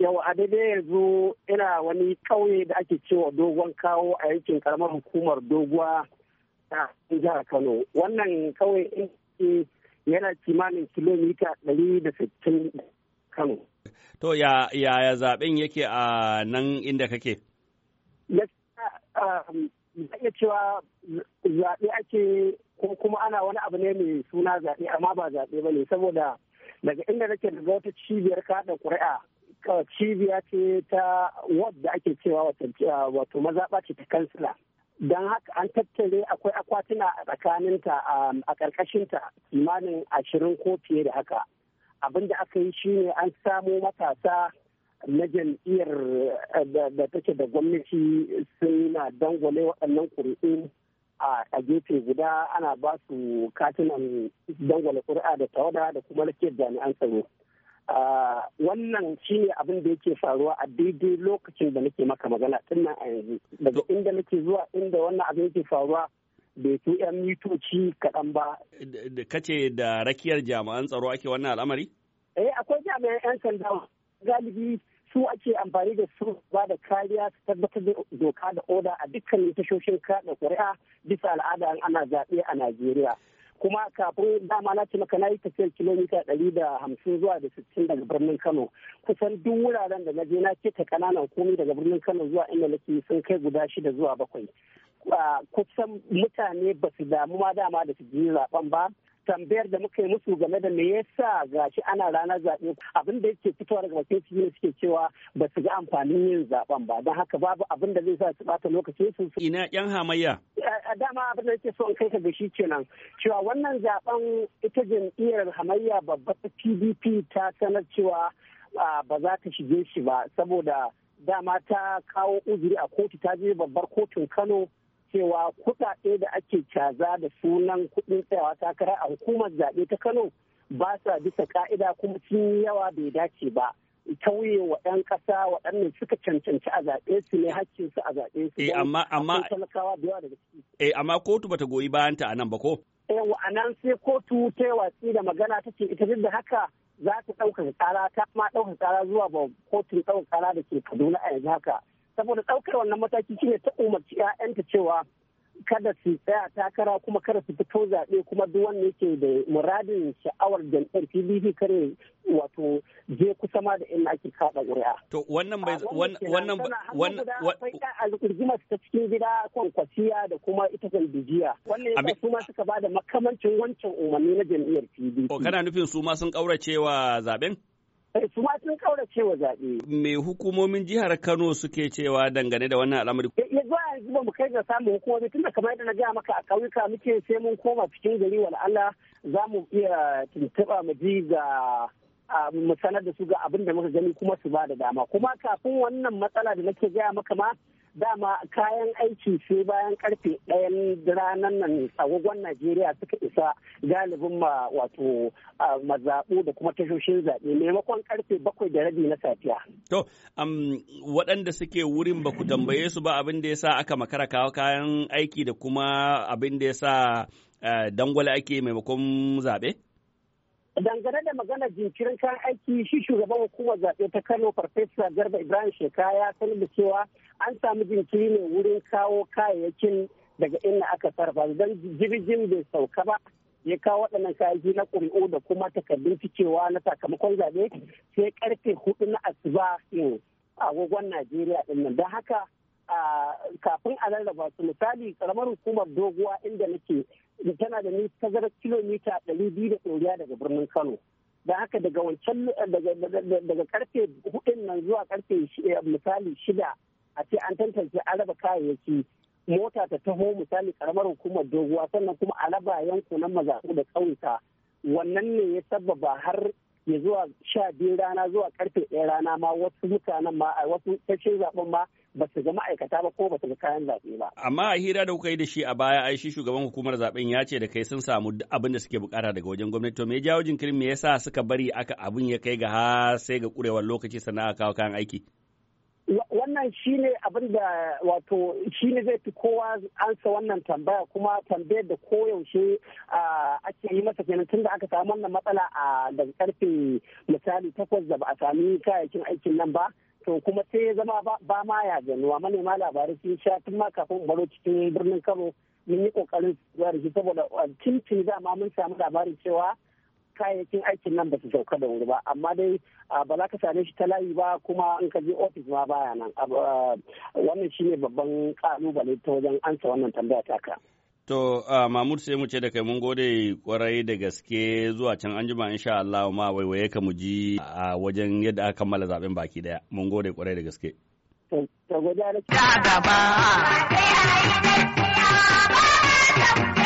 yau a daidai yanzu ina wani kauye da ake cewa dogon kawo a yankin karamar hukumar doguwa a jihar kano wannan kauye yana kimanin kilomita sittin kano to ya yaya zaben yake a nan inda kake um, za iya cewa zaɓe ake kuma ana wani abu ne mai suna zaɓe amma ba zaɓe ba ne saboda daga inda nake daga wata cibiyar kaɗa ƙuri'a cibiya ce ta wadda ake cewa wato mazaɓa ce ta kansila don haka an tattare akwai akwatuna a tsakaninta um, a ƙarƙashinta kimanin ashirin ko fiye da haka abin da aka yi shine an samo matasa na jam'iyyar eh, da take da gwamnati suna dangwale waɗannan ƙuri'u a gefe guda ana ba su katunan dangwale ƙuri'a da tawada da kuma lafiyar jami'an tsaro wannan shi ne abin da yake faruwa a daidai lokacin da nake maka magana tunan a yanzu daga inda nake zuwa inda wannan abin yake faruwa bai fi 'yan mitoci kaɗan ba. Kace da rakiyar jami'an tsaro ake wannan al'amari? Eh akwai jami'an 'yan sanda galibi su ake amfani da su ba da kariya su tabbatar da doka da oda a dukkanin tashoshin kaɗa ƙuri'a bisa al'ada ana zaɓe a Najeriya. kuma kafin dama na ce maka na yi tafiyar kilomita ɗari da hamsin zuwa da sittin daga birnin kano kusan duk wuraren da na je na ta ƙananan komi daga birnin kano zuwa inda nake sun kai guda shida zuwa bakwai kusan mutane ba su damu ma dama da su je zaben ba tambayar da muka yi musu game da me yasa gashi ana ranar zaɓe abin da yake fitowa daga bakin su ne suke cewa ba su ga amfanin yin zaɓen ba don haka babu abin da zai sa su bata lokacin su ina yan hamayya a dama abin da yake so in kai ka ga shi kenan cewa wannan zaɓen ita jam'iyyar hamayya babba ta PDP ta sanar cewa ba za ta shige shi ba saboda dama ta kawo uzuri a kotu ta je babbar kotun Kano cewa kuɗaɗe da ake caza da sunan kuɗin tsayawa takara a hukumar zaɓe ta Kano ba sa bisa ka'ida kuma sun yawa bai dace ba. tauye wa 'yan ƙasa waɗannan suka cancanci a zaɓe su ne hakkin su a zaɓe su. Eh, ne amma amma Eh amma kotu bata goyi bayan ta anan ba ko? Eh anan sai kotu ta yi watsi da magana ta ce ita duk da haka za ta ɗaukar tsara ta ma ɗaukar tsara zuwa ba kotun ɗaukar tsara da ke Kaduna a yanzu haka. saboda ɗaukar wannan mataki shine ta umarci 'ya'yanta cewa kada su tsaya takara kuma kada su fito zaɓe kuma duk wanda yake da muradin sha'awar jam'iyyar pdp kare wato je kusa ma da inda ake kaɗa ƙuri'a. to wannan bai wannan wannan a rigima ta cikin gida kwankwasiya da kuma ita jambijiya wannan yasa su ma suka ba da makamancin wancan umarni na jam'iyyar pdp. kana nufin su ma sun ƙaurace wa zaɓen? Eh, su ma sun kaura cewa zaɓe. Me hukumomin jihar Kano suke cewa dangane da wannan al'amari? Ya eh, eh, zuwa yanzu ba mu kai ga samun hukumomi tun da kamar yadda na gaya maka a ƙauyuka muke sai mun koma cikin gari wala Allah za mu iya tuntuɓa mu ji ga mu sanar da su ga abin da muka gani kuma su ba da dama kuma kafin wannan matsala da nake gaya maka ma dama kayan aiki sai bayan karfe ɗayan ranar nan agogon najeriya suka isa galibin ma wato mazaɓu da kuma tashoshin zaɓe maimakon karfe bakwai da rabi na safiya. to waɗanda suke wurin ba ku tambaye su ba abin da ya sa aka makara kawo kayan aiki da kuma abin da ya sa eh, dangwale ake maimakon zaɓe? dangane da maganar jinkirin kan aiki shi shugaban hukumar zaɓe ta kano farfesa garba ibrahim sheka ya sanar da cewa an samu jinkiri ne wurin kawo kayayyakin daga inda aka sarrafa don jirgin bai sauka ba ya kawo waɗannan kayayyaki na ƙuri'u da kuma takardun ficewa na sakamakon zaɓe sai karfe hudu na asuba yin agogon najeriya ɗin nan don haka kafin a rarraba su misali karamar hukumar doguwa inda nake tana da ni tazarar kilomita ɗari biyu da ɗoriya daga birnin kano da haka daga wancan daga karfe hudun nan zuwa karfe eh, misali shida a ce an tantance araba kayayyaki mota ta taho misali karamar hukumar doguwa sannan kuma a raba yankunan maza da ƙauyuka wannan ne ya sababa har ya zuwa sha biyu rana zuwa karfe ɗaya rana ma wasu mutanen ma a wasu tashin zaɓen ma ba su ga ma'aikata ba ko ba su ga kayan zaɓe ba. Amma a hira da kuka yi da shi a baya ai shi shugaban hukumar zaɓen ya ce da kai sun samu abin da suke bukata daga wajen gwamnati to me ya jawo jinkirin me yasa suka bari aka abin ya kai ga ha sai ga kurewar lokaci sannan a kawo kayan aiki. wannan shi ne da wato shi ne zai fi kowa ansa wannan tambaya kuma tambayar da koyaushe ake yi masa kenan tun da aka samu wannan matsala a daga karfe misali takwas da ba a sami kayayyakin aikin nan ba to kuma sai ya zama ba ma ya ganuwa manema labarai sun sha tun ma kafin baro cikin birnin kano mun yi kokarin zuwa da shi saboda tuntun dama mun samu labarin cewa kayayyakin aikin nan ba su sauka da wuri ba amma dai ba za ka same shi ta layi ba kuma in ka je ofis ma baya nan wannan shine babban kalubale ta wajen ansa wannan tambaya taka. To, Mahmud sai mu ce da kai mun gode kwarai da gaske zuwa can an jima insha Allah ma waiwaye ka mu ji a wajen yadda aka kammala zaben baki daya. Mun gode kwarai da gaske. Ta gaba.